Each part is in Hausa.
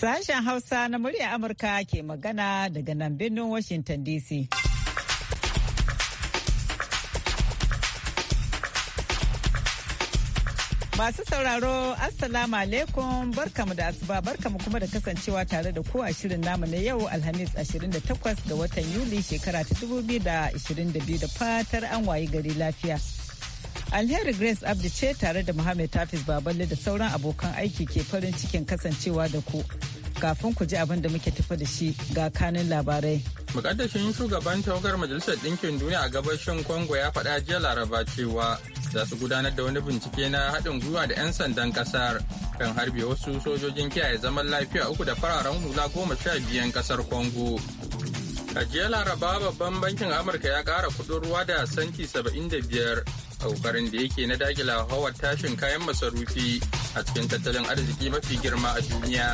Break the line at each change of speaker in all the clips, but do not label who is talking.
Sashen Hausa na murya Amurka ke magana daga nan birnin Washington DC. Masu sauraro, Assalamu alaikum barkamu da asuba barkamu kuma da kasancewa tare da kowa shirin namu na yau Alhamis 28 ga watan Yuli shekara ta 2022 da fatar an wayi gari lafiya. Alheri Grace Abdi ce tare da muhammed Tafis Baballe da sauran abokan aiki ke farin cikin kasancewa da ku. Kafin ku ji abin da muke tafi da shi ga kanin labarai.
Mukaddashin shugaban tawagar Majalisar Ɗinkin Duniya a gabashin kongo ya faɗa jiya Laraba cewa za su gudanar da wani bincike na haɗin gwiwa da 'yan sandan ƙasar kan harbe wasu sojojin kiyaye zaman lafiya uku da fararen hula goma sha biyan ƙasar kongo A jiya Laraba babban bankin Amurka ya ƙara kuɗin ruwa da santi 75 a kokarin da yake na dagila hawar tashin kayan masarufi a cikin tattalin arziki mafi girma a duniya.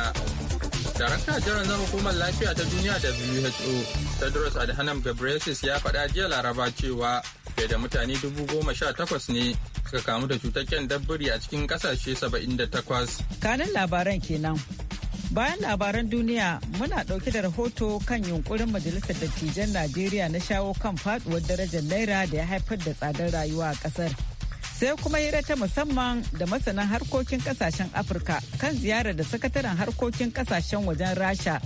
Darakta jiran Zan hukumar lafiya ta duniya WHO Tedros Adhanom Ghebreyesus ya faɗa jiya Laraba cewa fiye da mutane dubu goma sha takwas ne suka kamu da cutakken dabbari a cikin ƙasashe saba'in da takwas. Kanin
labaran kenan. Bayan labaran duniya muna ɗauke da rahoto kan yunkurin Majalisar Dattijan Najeriya na shawo kan faduwar darajar Naira da ya haifar da tsadar rayuwa a ƙasar. Sai kuma hira ta musamman da masanan harkokin kasashen Afirka kan ziyarar da sakataren harkokin kasashen wajen Rasha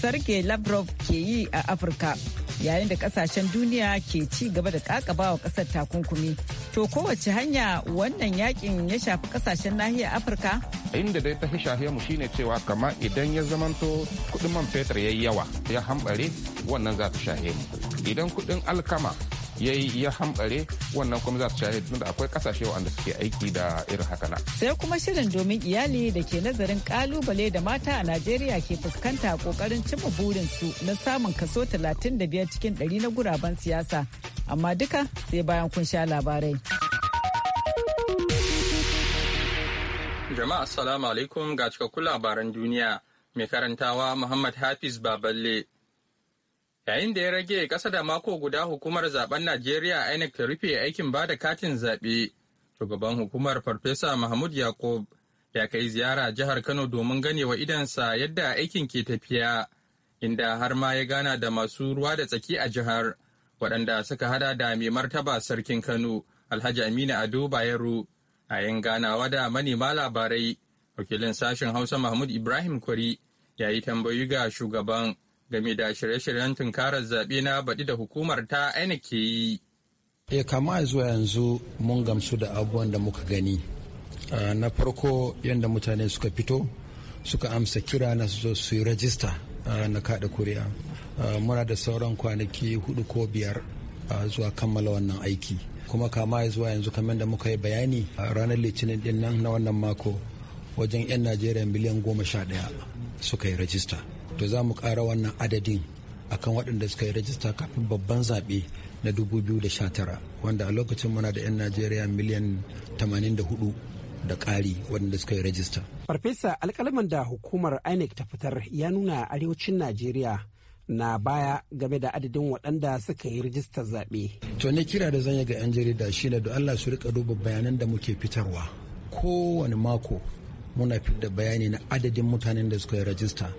Sarge Lavrov ke yi a Afirka. yayin da kasashen duniya ke ci gaba da wa kasar takunkumi to kowace hanya wannan yakin ya shafi kasashen nahiyar afirka
inda dai ta fi mu shine cewa kama idan ya zamanto kudin man fetur yayi yawa ya hambare wannan za ta shahe mu idan kudin alkama ya yi ya hambare wannan kuma za su shahe da akwai kasashe wanda suke aiki da irin haka na.
Sai kuma shirin domin iyali da ke nazarin kalubale da mata a Najeriya ke fuskanta a kokarin cimma su na samun kaso talatin da biyar cikin 100 na guraben siyasa. Amma duka sai bayan kun sha labarai.
Jama'a Assalamu alaikum ga cikakkun labaran duniya. Mai karantawa Muhammad Hafiz Baballe. yayin da ya rage ƙasa da mako guda hukumar zaben najeriya inec ta rufe aikin ba da katin zaɓe shugaban hukumar farfesa mahmud yakub ya kai ziyara jihar kano domin gane wa idansa yadda aikin ke tafiya inda har ma ya gana da masu ruwa da tsaki a jihar waɗanda suka hada da mai martaba sarkin kano alhaji aminu ado bayero a yin ganawa da manema labarai wakilin sashen hausa mahmud ibrahim kwari ya yi tambayi ga shugaban game da shirye-shiryen tunkarar zaɓe na baɗi da hukumar ta aina ke yi.
E kama zuwa yanzu mun gamsu da abubuwan da muka gani. Ah, na farko yadda mutane suka fito suka amsa kira na su su yi rajista ah, na kaɗa kuri'a. Ah, muna da sauran kwanaki hudu ko biyar zuwa kammala wannan aiki. Kuma kama zuwa yanzu kamar da muka yi bayani ranar litinin din nan na wannan mako wajen 'yan Najeriya miliyan goma sha ɗaya suka yi rajista. to za mu ƙara wannan adadin akan waɗanda suka yi rajista kafin babban zaɓe na 2019 wanda a lokacin muna da 'yan najeriya miliyan 84 da ƙari waɗanda suka yi rajista. farfesa alkalaman da hukumar inec ta fitar ya nuna arewacin najeriya na baya game da adadin waɗanda suka yi rijistar zaɓe. to ne kira da zan yi ga 'yan jarida shine da allah su rika duba bayanan da muke fitarwa kowane mako muna fitar da bayani na adadin mutanen da suka yi rajista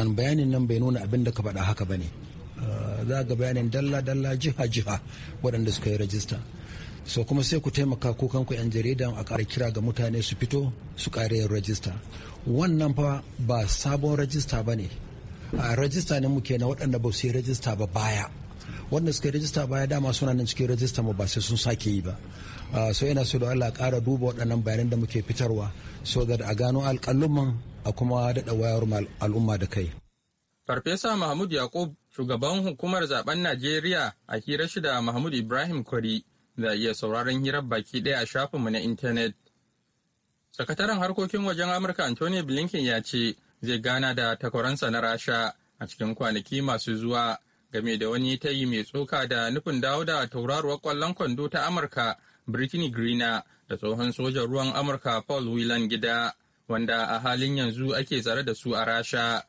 an bayanin nan bai nuna abin da ka faɗa haka ba ne ah, za ga bayanin dalla-dalla jiha-jiha waɗanda suka yi rajista so kuma sai ku taimaka kukan ku 'yan jaridan a ƙara kira ga mutane su fito su ƙara yin rajista wannan fa ba sabon rajista ba ne a rajista ne muke na waɗanda ba su yi rajista ba baya wanda suka yi rajista baya dama suna nan cikin rajista ba sai sun sake yi ba ah, so yana so da Allah ƙara duba waɗannan bayanan da muke fitarwa so da a gano alƙalluman a kuma daɗa wayar al'umma da kai.
Farfesa Mahmud Yakub shugaban hukumar zaben Najeriya a hira shida Mahmud Ibrahim Kwari da iya sauraron hirar baki ɗaya a shafinmu na intanet. Sakataren harkokin wajen Amurka Anthony Blinken ya ce zai gana da takwaransa na Rasha a cikin kwanaki masu zuwa game da wani ta yi mai tsoka da nufin dawo da tauraruwar kwallon kwando ta Amurka Brittany Griner da tsohon sojan ruwan Amurka Paul Whelan gida. wanda a halin yanzu ake tsare da su a rasha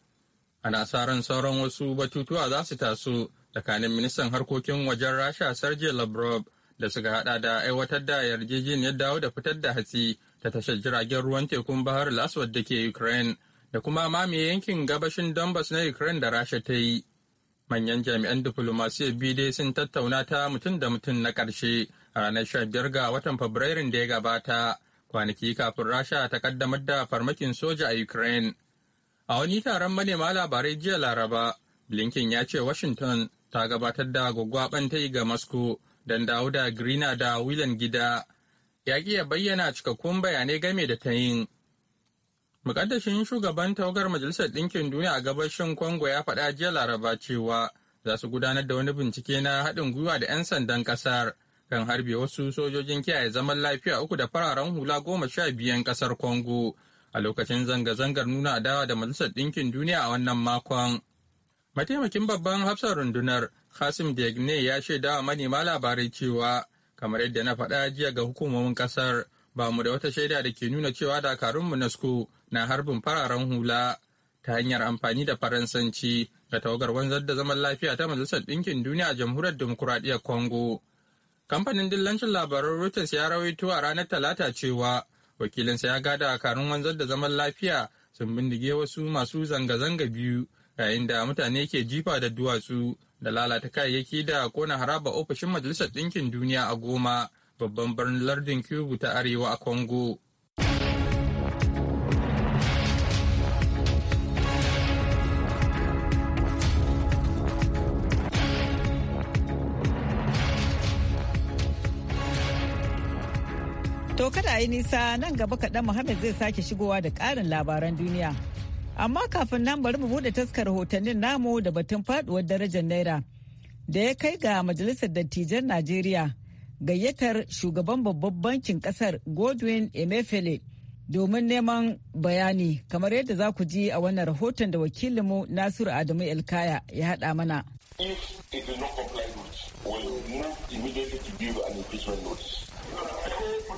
ana sa ran sauran wasu batutuwa za su taso tsakanin ministan harkokin wajen rasha sergei lavrov da suka hada da aiwatar da yarjejeniyar dawo da fitar da hatsi ta tashar jiragen ruwan tekun bahar al da ke ukraine da kuma mamaye yankin gabashin donbass na ukraine da rasha ta yi manyan jami'an diflomasiyyar biyu dai sun tattauna ta mutum da mutum na ƙarshe a ranar 15 ga watan fabrairun da ya gabata kwanaki kafin rasha ta kaddamar da farmakin soja a ukraine a wani taron manema labarai jiya laraba blinken ya ce washington ta gabatar da gwaggwaban ta yi ga moscow don dawo da greener da wilan gida ya iya bayyana cikakkun bayanai game da ta yin mukaddashin shugaban tawagar majalisar ɗinkin duniya a gabashin congo ya faɗa jiya laraba cewa za su gudanar da wani bincike na haɗin gwiwa da 'yan sandan ƙasar kan harbe wasu sojojin kiyaye zaman lafiya uku da fararen hula goma sha biyan kasar Congo a lokacin zanga-zangar nuna adawa da Majalisar Ɗinkin Duniya a wannan makon. Mataimakin babban hafsan rundunar Kasim Degne ya shaida wa manema labarai cewa kamar yadda na faɗa jiya ga hukumomin kasar ba mu da wata shaida da ke nuna cewa dakarun UNESCO na harbin fararen hula ta hanyar amfani da Faransanci ga tawagar wanzar da zaman lafiya ta Majalisar Ɗinkin Duniya a Jamhuriyar dimokuraɗiyar Congo. Kamfanin dillancin labaran Reuters ya rawaito a ranar Talata cewa wakilinsa ya gada a karin wanzar da zaman lafiya sun bindige wasu masu zanga-zanga biyu yayin da mutane ke jifa da duwatsu da lalata kayayyaki da kona haraba ofishin Majalisar Ɗinkin Duniya a goma babban birnin lardin Cuba ta Arewa a Congo.
a yi nisa nan gaba kaɗan Muhammad zai sake shigowa da ƙarin labaran duniya. Amma kafin nan bari mu buɗe taskar rahotannin namu da batun faɗuwar darajar Naira da ya kai ga Majalisar Dattijan Najeriya gayyatar shugaban babban bankin ƙasar Godwin emefele domin neman bayani kamar yadda za ku ji a wannan rahoton da wakilinmu Nasiru Adamu Elkaya ya haɗa mana.
If it not comply with, will immediately give an impeachment notice.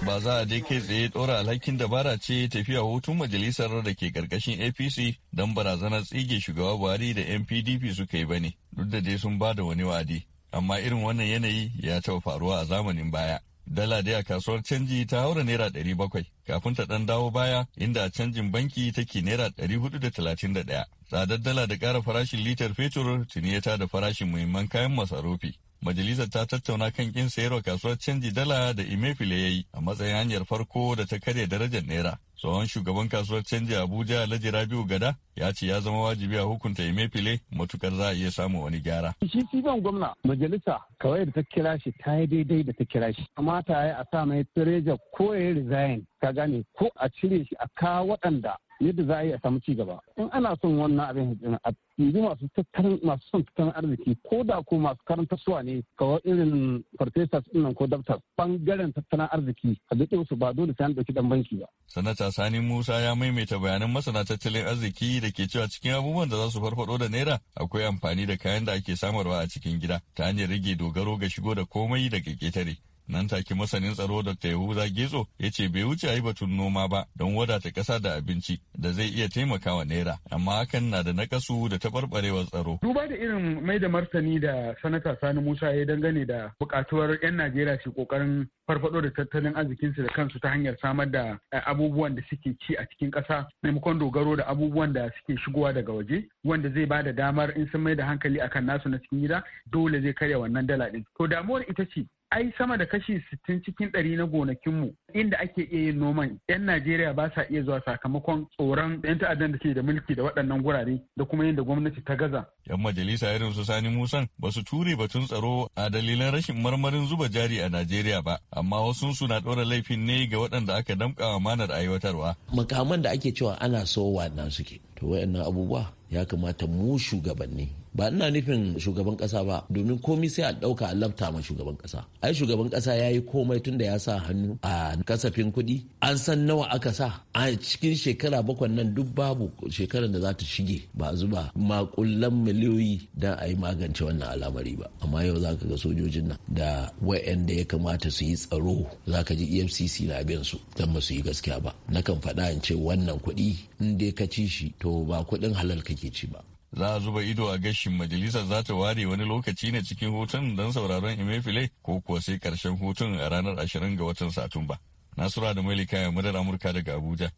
ba za a dai kai tsaye ɗora alhakin dabara ce tafiya hutun majalisar da ke karkashin apc don barazanar tsige shugaba buhari da yan suka yi ba ne duk da dai sun ba da wani wadi. amma irin wannan yanayi ya taɓa faruwa a zamanin baya dala dai a kasuwar canji ta haura naira ɗari bakwai kafin ta ɗan dawo baya inda a canjin banki take naira ɗari hudu da talatin da ɗaya tsadar dala da ƙara farashin litar fetur tuni ya tada farashin muhimman kayan masarufi majalisar ta tattauna kan kin sayarwa kasuwar canji dala da imefile ya yi a matsayin hanyar farko da ta karya darajar naira tsohon shugaban kasuwar canji abuja alhaji rabiu gada ya ce ya zama wajibi a hukunta imefile matukar za a iya samun wani gyara
shi zan gwamna majalisa kawai da ta kira shi ta yi daidai da ta kira shi kamata ya a sa mai tireja ko ya yi resign ka gane ko a cire shi a kawo waɗanda yadda za a yi a samu ci gaba in ana son wannan abin a yanzu masu tattalin masu son tattalin arziki ko da ko masu karanta suwa ne kawai irin farfesas nan ko daftar bangaren tattalin arziki a duk su ba dole sai an dauki dan banki ba
sanata sani musa ya maimaita bayanan masana tattalin arziki da ke cewa cikin abubuwan da za su farfado da naira akwai amfani da kayan da ake samarwa a cikin gida ta hanyar rage dogaro ga shigo da komai daga ketare Nan take masanin tsaro Dr. Yahuza Gezo ya ce bai wuce a yi batun noma ba don wadata ƙasa da abinci da zai iya taimakawa naira amma hakan na da nakasu da taɓarɓarewar tsaro.
Duba da irin mai da martani da sanata Sani Musa ya dangane da buƙatuwar 'yan Najeriya su kokarin farfado da tattalin arzikinsu da kansu ta hanyar samar da eh, abubuwan da suke ci a cikin ƙasa maimakon dogaro da abubuwan da suke shigowa daga waje wanda zai ba da damar in sun mai da hankali akan nasu na cikin gida dole zai karya wannan dala ɗin. To damuwar ita ce ai sama da kashi 60 cikin ɗari na gonakinmu inda ake iya yin noman 'yan Najeriya ba sa iya zuwa sakamakon tsoron 'yan ta'addan da ke da mulki da waɗannan gurare da kuma yadda gwamnati ta gaza.
'Yan majalisa irin su Sani Musan ba su ture batun tsaro a dalilan rashin marmarin zuba jari a Najeriya ba, amma wasu suna ɗora laifin ne ga waɗanda aka damƙa manar aiwatarwa.
Makaman da ake cewa ana sowa na suke, to waɗannan abubuwa ya kamata mu shugabanni ba ina nufin shugaban kasa ba domin komi sai a dauka a lafta ma shugaban kasa ai shugaban kasa ya yi komai tunda ya sa hannu a kasafin kuɗi an san nawa aka sa a cikin shekara bakwai nan duk babu shekarar da za ta shige ba zuba makullan miliyoyi don a yi magance wannan al'amari ba amma yau za ka ga sojojin nan da wayanda ya kamata su yi tsaro za ka ji efcc na bin su don ba su yi gaskiya ba nakan faɗa in ce wannan kuɗi in dai ka ci shi to ba kuɗin halal kake ci ba
za a zuba ido a gashin majalisar za ta ware wani lokaci ne cikin hutun don sauraron imefile ko kuwa sai karshen hutun a ranar ashirin ga watan satumba nasura da malika ya madar amurka daga abuja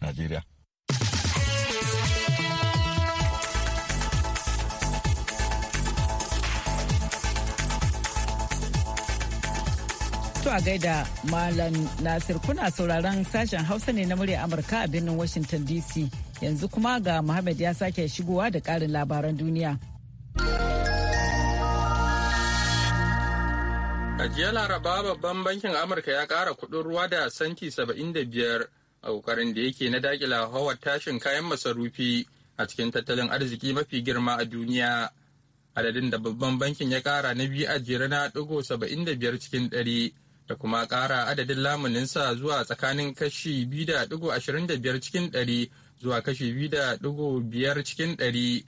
najeriya
To a gaida Malam Nasir kuna sauraron sashen Hausa ne na murya Amurka a birnin Washington DC. Yanzu kuma ga Muhammad ya sake shigowa da ƙarin labaran duniya.
A jiya Laraba babban bankin Amurka ya ƙara kuɗin ruwa da santi 75 a ƙoƙarin da yake na daƙila hawar tashin kayan masarufi a cikin tattalin arziki mafi girma a duniya. Adadin da babban bankin ya kara na biyu a jere na ɗigo 75 cikin ɗari da kuma ƙara adadin lamuninsa zuwa tsakanin kashi 2.25 cikin ɗari zuwa kashi biyu da ɗigo biyar cikin ɗari.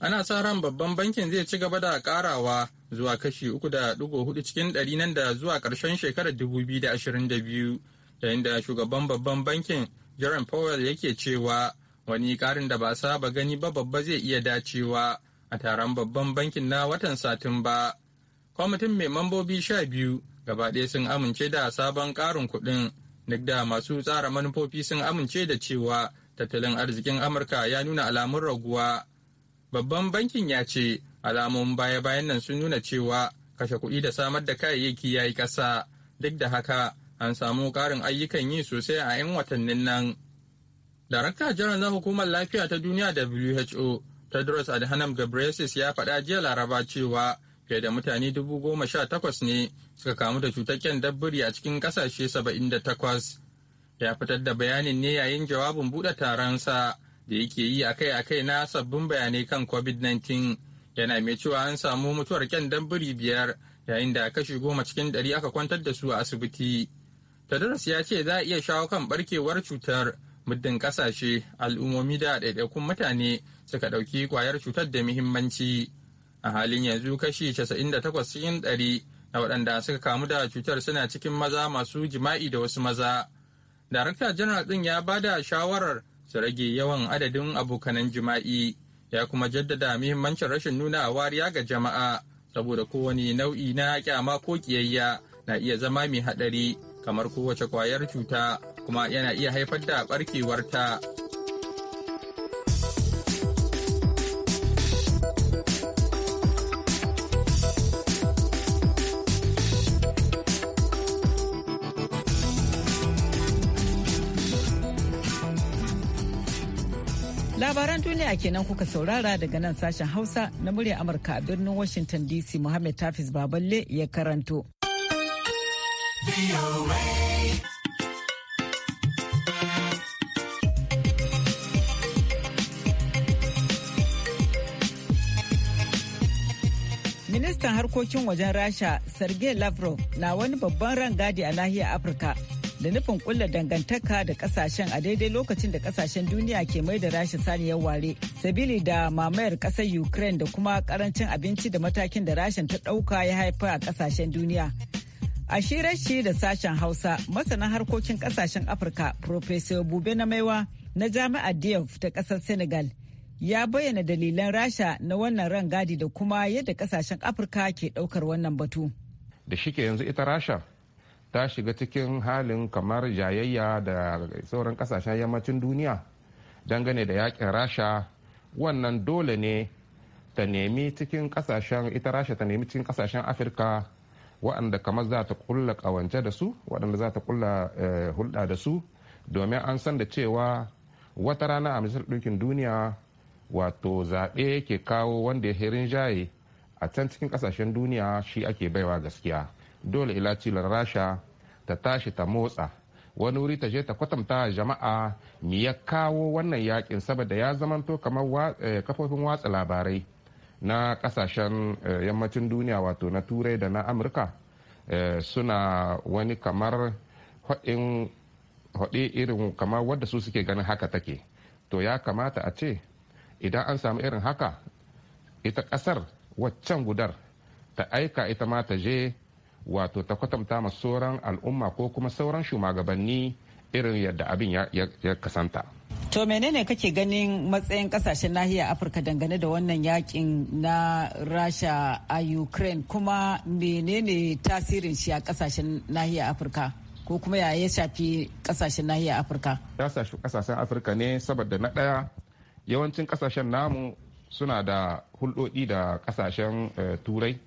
Ana sa ran babban bankin zai ci gaba da karawa zuwa kashi uku da ɗigo hudu cikin ɗari nan da zuwa ƙarshen shekarar dubu biyu da ashirin da biyu. Yayin da shugaban babban bankin Jerome Powell yake cewa wani karin da ba saba gani ba babba zai iya dacewa a taron babban bankin na watan Satumba. Kwamitin mai mambobi sha biyu gaba ɗaya sun amince da sabon ƙarin kuɗin duk da masu tsara manufofi sun amince da cewa tattalin arzikin amurka ya nuna alamun raguwa babban bankin ya ce alamun baya-bayan nan sun nuna cewa kashe kuɗi da samar da kayayyaki ya yi ƙasa duk da haka an samu ƙarin ayyukan yi sosai a 'yan watannin nan darakta jiran na hukumar lafiya ta duniya who tedros adhanom ghebreyesus ya faɗa jiya laraba cewa fiye da mutane dubu goma sha takwas ne suka kamu da cutar dabbari a cikin ƙasashe saba'in da takwas ya fitar da bayanin ne yayin jawabin buɗe taronsa da yake yi akai-akai na sabbin bayanai kan covid-19 yana mai cewa an samu mutuwar kyan biri biyar yayin da kashi goma cikin ɗari aka kwantar da su a asibiti. ta Tadaras ya ce za a iya shawo kan barkewar cutar muddin ƙasashe al'ummomi da ɗaiɗaikun mutane suka ɗauki ƙwayar cutar da muhimmanci. A halin yanzu kashi 98 cikin ɗari na waɗanda suka kamu da cutar suna cikin maza masu jima'i da wasu maza. darakta janar ɗin ya ba da shawarar su rage yawan adadin abokanan jima'i ya kuma jaddada muhimmancin rashin nuna wariya ga jama'a saboda kowane nau'i na kyama ko kiyayya na iya zama mai haɗari kamar kowace kwayar cuta kuma yana iya haifar da ɓarkewarta.
a kenan kuka saurara daga nan sashen Hausa na murya Amurka a birnin Washington DC Muhammad Tafis Baballe ya karanto. Ministan harkokin wajen Rasha Sergei Lavrov na wani babban rangadi a nahiyar Afirka. da nufin kulla dangantaka da kasashen a daidai lokacin da kasashen duniya ke mai da rashi saniyar ware sabili da mamayar kasar ukraine da kuma karancin abinci da matakin da rashin ta dauka ya haifa a kasashen duniya a shirar shi da sashen hausa masana harkokin kasashen afirka professor bube na maiwa na jami'ar dief ta kasar senegal ya bayyana dalilan rasha na wannan rangadi da kuma yadda kasashen afirka ke daukar wannan batu
da shike yanzu ita rasha ta shiga cikin halin kamar jayayya da sauran kasashen yammacin duniya dangane da yakin rasha wannan dole ne ta nemi cikin kasashen ita rasha ta nemi cikin kasashen afirka waɗanda kamar za ta kulla kawance da su waɗanda za ta kulla eh, hulɗa da su domin an san da cewa wata rana a majalisar ɗinkin duniya wato zaɓe ke kawo wanda ya herin jaye a can cikin kasashen duniya shi ake baiwa gaskiya dole ila cilin rasha ta tashi ta motsa wani wuri ta je ta kwatanta jama'a me ya kawo wannan yakin saboda ya zamanto kamar eh, kafofin watsa labarai na kasashen eh, yammacin duniya wato na turai da na amurka eh, suna wani kamar irin kamar wadda su suke ganin haka take to ya kamata a ce idan an samu irin haka ita ƙasar waccan gudar ta aika ita ma ta je wato ta kwatanta ma sauran al'umma ko kuma sauran shugabanni irin yadda abin ya kasanta. To menene kake
ganin matsayin kasashen nahiyar Afirka dangane da wannan yakin na Rasha a Ukraine kuma menene tasirin shi a kasashen nahiyar Afirka ko kuma ya ya shafi kasashen nahiyar Afirka?
Ya shafi kasashen Afirka ne saboda na ɗaya yawancin kasashen namu suna da hulɗoɗi da kasashen eh, turai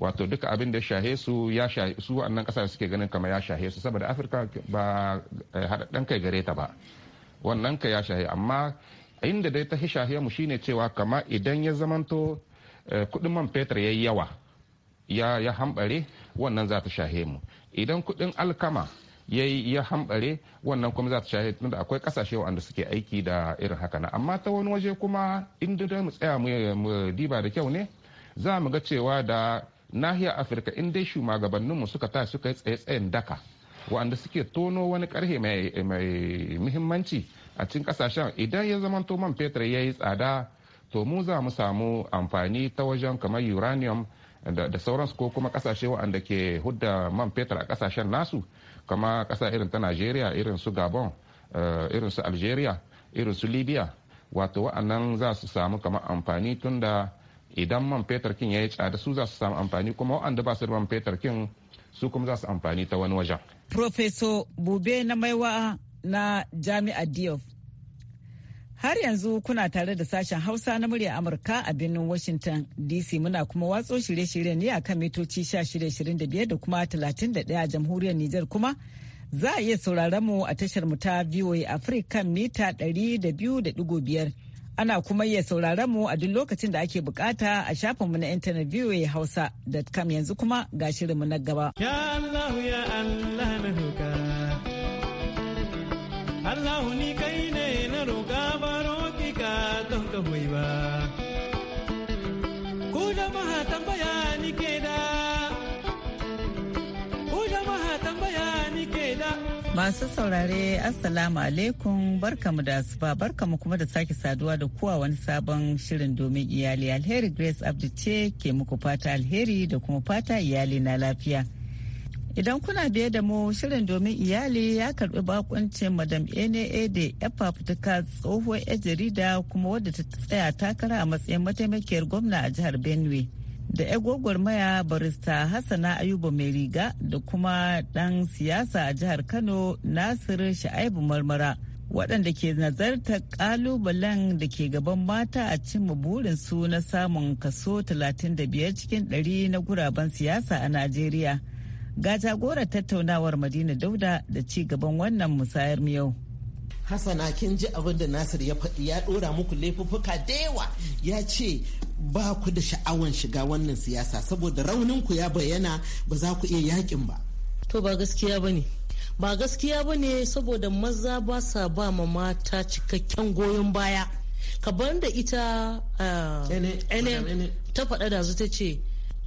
wato duka abin da shahe su ya shahe su wannan kasashe suke ganin kamar ya shahe su saboda afirka ba eh, haɗaɗɗen kai gare ta ba wannan ka ya shahe amma inda dai ta shahe mu shine cewa kama idan ya zamanto eh, kuɗin man fetur ya yawa ya hambare wannan za ta shahe mu idan kuɗin alkama ya ya hambare wannan kuma za ta shahe tunda akwai kasashe wanda suke aiki da irin haka na amma ta wani waje kuma inda mu tsaya mu diba da kyau ne za mu ga cewa da nahiyar afirka in dai shugabanninmu suka ta suka yi tsaye-tsayen daka wanda suke tono wani karhe mai muhimmanci a cikin kasashen idan ya zama man fetur ya yi tsada to mu za mu samu amfani ta wajen kamar uranium da sauransu ko kuma kasashe waɗanda ke hudda man fetur a kasashen nasu kama kasa irin ta nigeria irin su gabon eh, irin su algeria irin su libya wato wa'annan za su samu kamar amfani tunda idan man fetur kin ya yi tsada su za su samu amfani kuma waɗanda ba su da man fetur kin su kuma za su amfani ta wani wajen.
Profeso Bube na Maiwa na Jami'ar Diop. Har yanzu kuna tare da sashen Hausa na murya Amurka a birnin Washington DC muna kuma watso shirye-shirye ne a kan mitoci shirin da biyar da kuma talatin da a jamhuriyar Nijar kuma za a iya sauraron mu a tashar mu ta VOA Africa mita da da biyu biyar. Ana kuma iya sauraron mu a duk lokacin da ake bukata a shafinmu na intanet VOA Hausa.com yanzu kuma ga shirinmu na gaba. Ya Allah
ya Allah na roka. Allah ni kai ne na roka ba ki ka don ka ba. Ku jama'a tambaya ni ke da
Masu saurare Assalamu alaikum barkamu da asuba barkamu kuma da sake saduwa da kuwa wani sabon shirin domin iyali alheri Grace Abdi ke muku fata alheri da kuma fata iyali na lafiya. Idan kuna biye da mu shirin domin iyali ya karbi bakuncin Madam Ene da yafa fituka tsohuwar jarida kuma wadda ta tsaya takara a matsayin mataimakiyar gwamna a jihar Benue. da 'yan maya barista hassana ayuba mai riga da kuma ɗan siyasa a jihar kano nasir sha'ibu marmara waɗanda ke nazartar ƙalubalen da ke gaban mata a cimma burinsu na samun kaso 35 cikin 100 na guraben siyasa a najeriya ga jagorar tattaunawar madina
dauda da ci gaban wannan musayar yau. hassana kin ji abin da nasir ya faɗi ya ɗora muku laifuffuka da yawa ya ce ba ku da sha'awan shiga wannan
siyasa saboda raunin ku ya bayyana ba za ku iya yakin ba to ba gaskiya bane ba gaskiya bane saboda maza ba sa ba ma mata cikakken goyon baya kabar da ita ah, ene ta faɗa da ta ce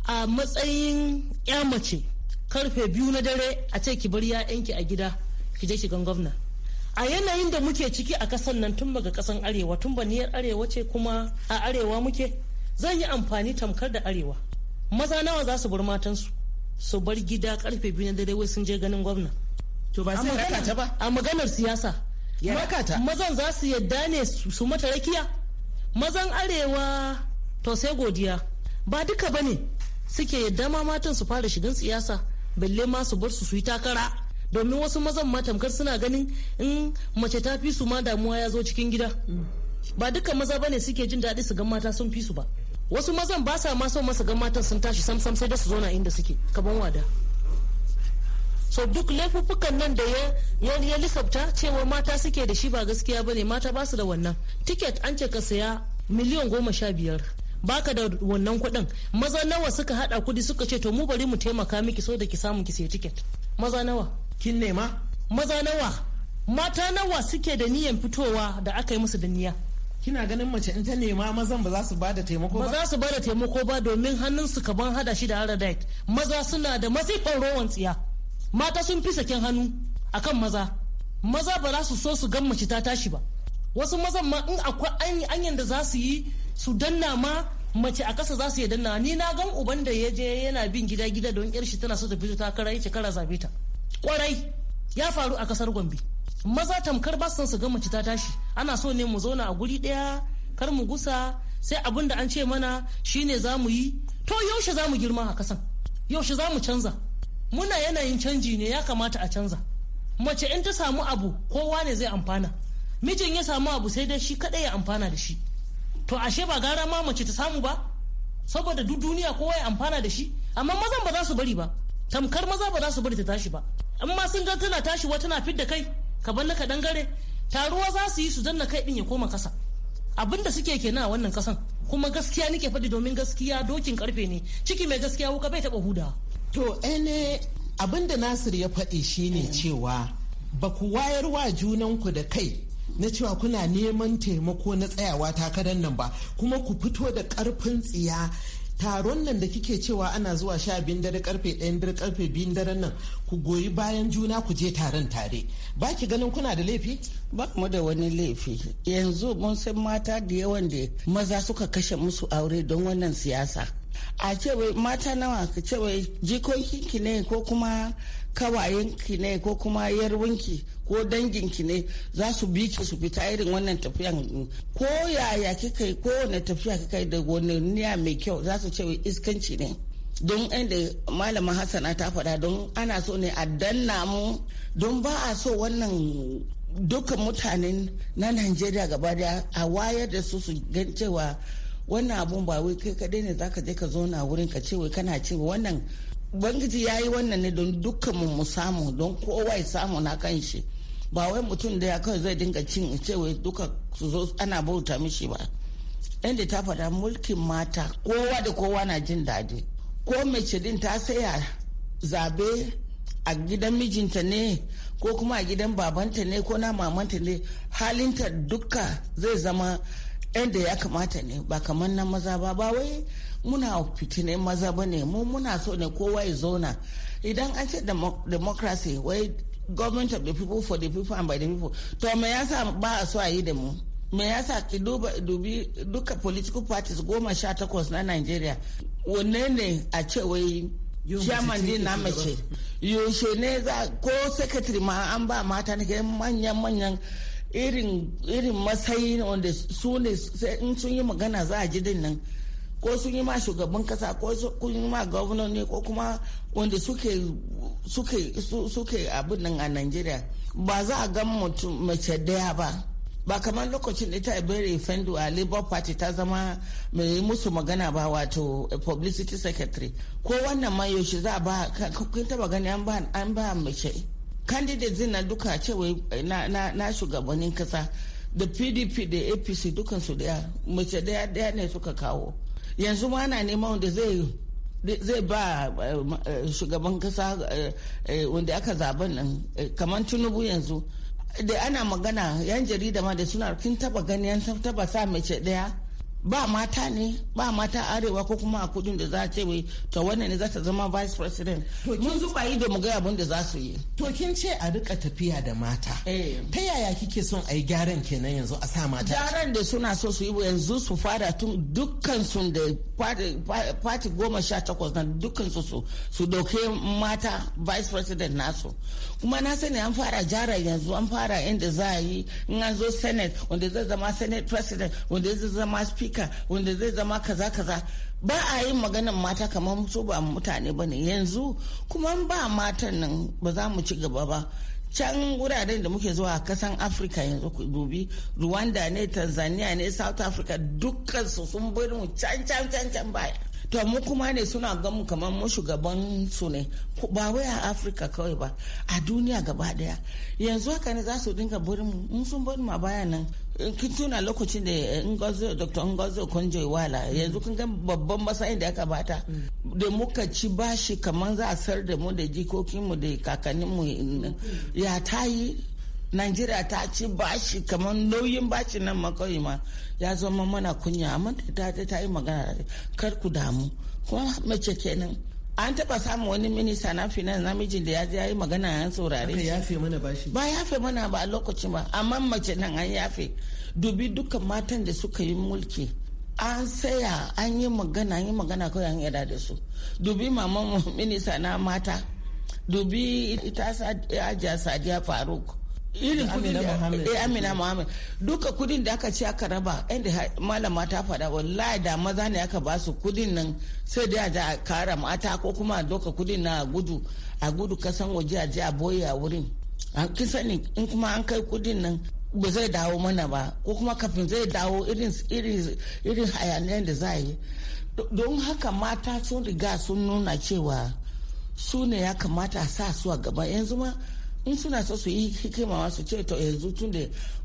a matsayin ya mace karfe biyu na dare a ce ki bar 'ya'yanki a gida ki je shigan gwamna a yanayin da muke ciki a kasan nan tun baga kasan arewa tun baniyar arewa ce kuma a arewa muke zan yi amfani tamkar da arewa maza nawa za su bar matansu su bar gida karfe biyu na dare wai sun je ganin gwamna to ba sai rakata ba a maganar siyasa rakata mazan za su yadda ne su mata rakiya mazan arewa to sai godiya ba duka bane suke yadda ma matan su fara shigan siyasa balle ma su bar su su yi takara domin wasu mazan ma tamkar suna ganin in mace ta fi su ma damuwa ya zo cikin gida mm. ba duka maza bane suke jin daɗi su ga mata sun fi su ba wasu mazan ba sa ma masa ga matan sun tashi sam sam sai da su zauna inda suke kaban wada so duk laifuffukan nan da ya ya lissafta cewa mata suke da shi ba gaskiya bane mata ba su da wannan tiket an ce ka saya miliyan goma sha biyar baka da wannan kuɗin maza nawa suka hada kudi suka ce to mu bari mu taimaka miki so da ki samu ki sayi tiket maza nawa kin nema maza nawa mata nawa suke da niyan fitowa da aka yi musu da niyya kina ganin mace in ta nema mazan ba za su bada taimako ba ba za su bada taimako ba domin hannun su kaban hada shi da haradite maza suna da masifan rowan tsiya mata sun fi sakin hannu akan maza maza ba za su so su gan mace ta tashi ba wasu mazan ma in akwai anyan da za su yi su danna ma mace a kasa za su yi danna ni na gan uban da ya je yana bin gida gida don yar shi tana so ta fito ta kara yace kara zabe ta kwarai ya faru a kasar Gombe maza tamkar ba su ga mace ta tashi ana so ne mu zauna a guri ɗaya kar mu gusa sai abin da an ce mana shine za mu yi to yaushe za mu girma a kasan yaushe za mu canza muna yanayin canji ne ya kamata a canza mace in ta samu abu kowa ne zai amfana mijin ya samu abu sai dai shi kadai ya amfana da shi to ashe ba gara ma mace ta samu ba saboda duk duniya kowa ya amfana da shi amma mazan ba za su bari ba tamkar maza ba za su bari ta tashi ba amma sun ga tana tashi wa tana fidda kai ka balle ka dangare taruwa za su yi su danna kai din ya koma kasa abinda suke kenan a wannan kasan kuma gaskiya nike faɗi domin gaskiya dokin karfe ne ciki mai gaskiya wuka bai taɓa hudawa. to
ene abinda da nasir ya faɗi shine cewa ba ku wayar wa junan ku da kai na cewa kuna neman taimako na tsayawa takarar nan ba kuma ku fito da karfin tsiya taron nan da kike cewa ana zuwa sha biyun dare karfe ɗayan dare karfe biyun daren nan ku goyi bayan juna ku je taron tare ba ki ganin kuna da laifi ba mu da wani laifi yanzu mun san mata da yawan da maza suka kashe musu aure don wannan siyasa a ce mata nawa ka ce wai jikokinki ne ko kuma kawayenki ne ko kuma yarwinki ko danginki ne za su bi ki su fita irin wannan tafiyan ko yaya kika yi ko wani tafiya kika yi da wani niya mai kyau za su ce iskanci ne don inda malama hassana ta faɗa don ana so ne a danna mu don ba a so wannan dukkan mutanen na najeriya gaba daya a wayar da su su gan cewa wannan abun ba wai kai kadai ne zaka je ka zauna wurin ka ce wai kana cewa wannan bangiji yayi wannan ne don dukkan mu samu don kowa ya samu na kan shi ba wai mutum da ya kawai zai dinga cin ce wai duka su zo ana bauta mishi ba inda ta faɗa mulkin mata kowa da kowa na jin daɗi ko mace din ta saya zabe a gidan mijinta ne ko kuma a gidan babanta ne ko na mamanta ne halinta duka zai zama yadda ya kamata ne ba kamar na maza ba ba wai muna fitine maza ba ne mu muna so ne kowa ya zauna idan an ce democracy wai government of the people for the people and by the people to me yasa ba a so a yi da mu me yasa ki duba dubi duka political parties goma sha takwas na Nigeria wanne ne a ce wai chairman din na mace yaushe ne za ko secretary ma an ba mata ne manyan manyan irin irin matsayi wanda su ne in sun yi magana za a ji din nan ko sun yi ma shugaban kasa ko sun yi ma gwamnati ne ko kuma wanda suke suke suke abin nan a Najeriya ba za a ga mace daya ba ba kamar lokacin ita bere Fendu a Labour Party ta zama mai musu magana ba wato publicity secretary ko wannan ma za a ba kun taba gani an ba mace candidates eh, na duka cewa na shugabannin kasa da pdp da apc dukansu daya mace daya daya ne suka kawo yanzu ma na neman wanda zai zai ba eh, eh, shugaban kasa wanda aka zaben nan kamar tunubu yanzu da ana magana yan jarida ma da suna kin taba gani yan taba sa mace daya ba mata ne ba mata arewa ko kuma a kudin da za ce wai ta wannan ne za ta zama vice president mun zuba yi da mu ga abin da za su yi to kin ce a rika tafiya da mata eh. ta yaya kike son a yi gyaran kenan yanzu a sa mata gyaran da suna so su yi yanzu su fara tun dukkan sun da party goma sha takwas na dukkan su su su doke mata vice president nasu kuma na sani an fara jara yanzu an fara inda za a yi in an zo senate wanda zai zama senate president wanda zai zama speaker ka wanda zai zama kaza kaza ba a yin maganan mata kamar so ba mutane ba ne yanzu kuma ba matan nan ba za mu ci gaba ba can wuraren da muke zuwa a kasan afirka yanzu ku dubi rwanda ne tanzania ne south africa dukkan su sun bari mu can can can can baya to mu kuma ne suna ganmu kamar mu shugaban su ne ba wai a afirka kawai ba a duniya gaba daya yanzu haka ne za su dinga burin mu in sun bar mu a baya nan kin tuna lokacin da eh, ngozo dr ngozo konjo wala yanzu kun ga babban matsayin da aka bata da muka ci bashi kamar za a sar da mu da jikokin mu da kakannin mu eh, ya tayi Najeriya ta ci bashi kamar nauyin bashi nan makawai ma ya zama mana kunya amma ta ta yi magana kar ku damu kuma mace kenan an taba samun wani minista na finance namijin da ya je yi magana yan saurare shi yafe mana bashi ba yafe mana ba a lokacin ba amma mace nan an yafe dubi dukkan matan da suka yi mulki an saya an yi magana an yi magana kawai an yada da su dubi maman minista na mata dubi ita ajiya sadiya faruk irin kudin da eh, amina muhammad duka kudin da aka ci aka raba yadda malama ta faɗa wallahi da maza ne aka ba su kudin nan sai da da kara mata ko kuma doka kudin na gudu a gudu kasan waje a je a boye a wurin an kin sani in kuma an kai kudin nan ba zai dawo mana ba ko kuma kafin zai dawo irin irin hayaniyar da za yi don haka mata sun riga sun nuna cewa su ne ya kamata a sa su a gaba yanzu ma in suna so su yi hikimawa su ce to yanzu tun da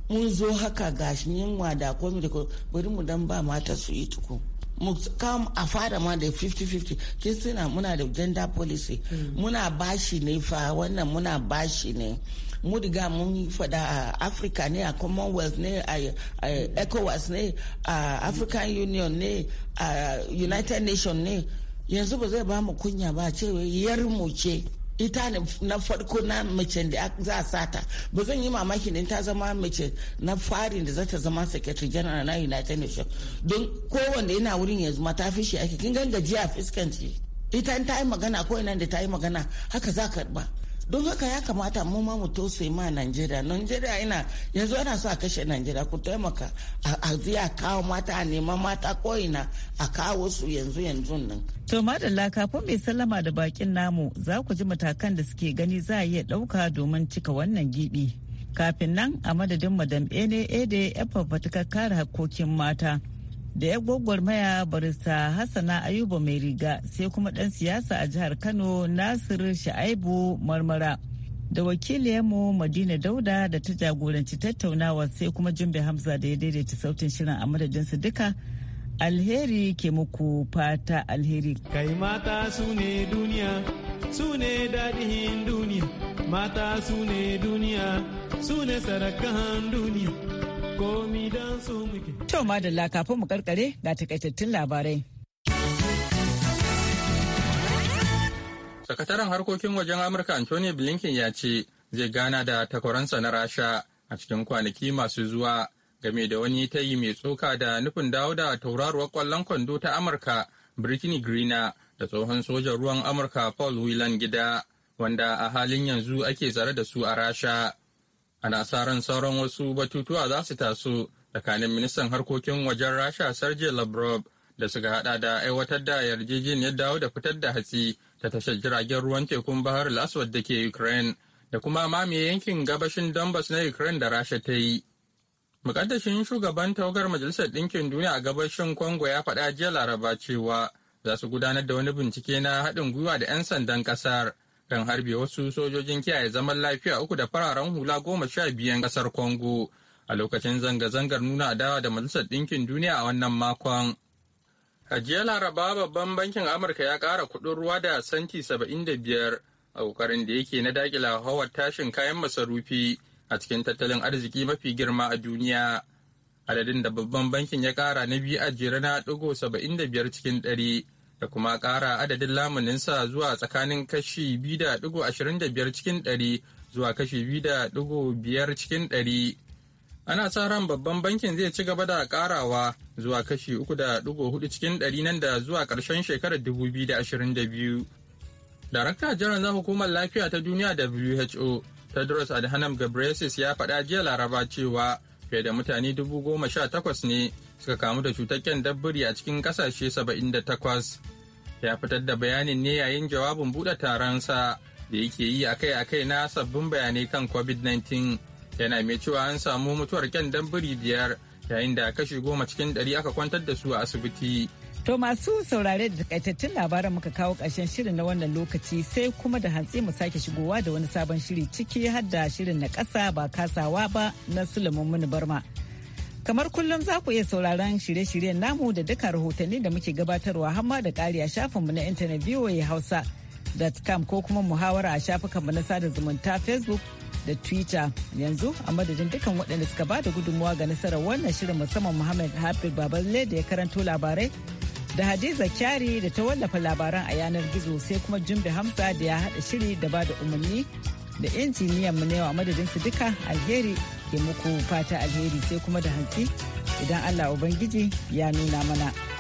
mun zo haka gashin yunwa da komi da bari mu dan ba mata su yi tuku mu kam a fara ma da 50-50 kin suna muna da gender policy mm. muna bashi ne fa wannan muna bashi ne mu diga mun fada a africa ne a commonwealth ne a ecowas ne a african union ne a united nation ne yanzu ba zai ba mu kunya ba cewa yar mu ce ita ne na farko na mace da za a sata ba zan yi mamaki da ta zama mace na fari da zata zama secretary general na united nations don kowanne yana wurin yanzu ma ta shi ake kin gan gajiya fuskanci ita ta yi magana ko ina da ta yi magana haka za ka karba don haka ya kamata mu ma mu ma Najeriya Najeriya ina yanzu ana so a kashe Najeriya ku taimaka a ziya kawo mata a neman mata ko'ina a kawo su yanzu yanzu nan to madalla
kafin mai sallama da bakin namu za ku ji matakan da suke gani za a iya dauka domin cika wannan gibi kafin nan a madadin madam ene ede yafafatukar kare hakkokin mata da 'yan gwagwarmaya barista hassana ayuba mai riga sai kuma dan siyasa a jihar kano nasir sha'aibu marmara da wakiliyarmu madina dauda da ta jagoranci tattaunawa sai kuma jimbe hamza da ya daidaita sautin shirin a madadinsu duka alheri ke muku fata alheri kai
mata su ne duniya su ne daɗin duniya mata su ne duniya su ne sarakan duniya komi ma da
la kafin mu karkare ga takaitattun labarai.
Sakataren harkokin wajen Amurka Anthony Blinken ya ce zai gana da takwaransa na Rasha a cikin kwanaki masu zuwa game da wani tayi mai tsoka da nufin dawo da tauraruwar kwallon kwando ta Amurka Brittany greener da tsohon sojan ruwan Amurka Paul Whelan gida wanda a halin yanzu ake tsare da su a Rasha. ana sa ran sauran wasu batutuwa za su taso tsakanin ministan harkokin wajen rasha sergei lavrov da suka hada da aiwatar da yarjejeniyar dawo da fitar da hatsi ta tashar jiragen ruwan tekun bahar laswad da ke ukraine da kuma mamaye yankin gabashin donbass na ukraine da rasha ta yi mukaddashin shugaban tawagar majalisar ɗinkin duniya a gabashin congo ya faɗa jiya laraba cewa za su gudanar da wani bincike na haɗin gwiwa da 'yan sandan ƙasar kan harbe wasu sojojin kiyaye zaman lafiya uku da fararen hula goma sha biyan kasar Congo a lokacin zanga-zangar nuna adawa da Majalisar Ɗinkin Duniya a wannan makon. Hajiya Laraba babban bankin Amurka ya ƙara kuɗin ruwa da santi saba'in da biyar a ƙoƙarin da yake na daƙila hawar tashin kayan masarufi a cikin tattalin arziki mafi girma a duniya. Adadin da babban bankin ya kara na biyu a jere na ɗigo saba'in biyar cikin ɗari da kuma kara adadin lamuninsa zuwa tsakanin kashi 2.25 cikin 100 zuwa kashi 2.5 cikin 100. Ana sa ran babban bankin zai ci gaba da karawa zuwa kashi 3.4 cikin 100 nan da zuwa karshen shekarar 2022. Darakta jiran na hukumar lafiya ta duniya WHO Tedros Adhanom Ghebreyesus ya faɗa jiya Laraba cewa fiye da mutane dubu goma sha takwas ne suka kamu da cutar dabbiri a cikin kasashe 78 ya fitar da bayanin ne yayin jawabin buɗe taronsa da yake yi akai-akai na sabbin bayanai kan covid-19 yana mai cewa an samu mutuwar kyan dabbiri biyar yayin da kashi goma cikin ɗari aka kwantar da su a asibiti
To masu saurare da takaitattun labaran muka kawo ƙarshen shirin na wannan lokaci sai kuma da hantsi mu sake shigowa da wani sabon shiri ciki har da shirin na ƙasa ba kasawa ba na Sulaiman Muni Barma. Kamar kullum za ku iya sauraron shirye-shiryen namu da duka rahotanni da muke gabatarwa hamma da kari a shafinmu na intanet VOA Hausa.com ko kuma muhawara a shafukanmu na sada zumunta Facebook da Twitter. Yanzu a madadin dukkan waɗanda suka ba da gudunmawa ga nasarar wannan shirin musamman Muhammad hafi Baballe da ya karanto labarai da Hadiza Kyari da ta wallafa labaran a yanar gizo sai kuma Jumbe Hamza da ya haɗa shiri da ba da umarni da injiniyan mu ne a madadin su duka alheri ke muku fata alheri sai kuma da hantsi idan Allah Ubangiji ya nuna mana.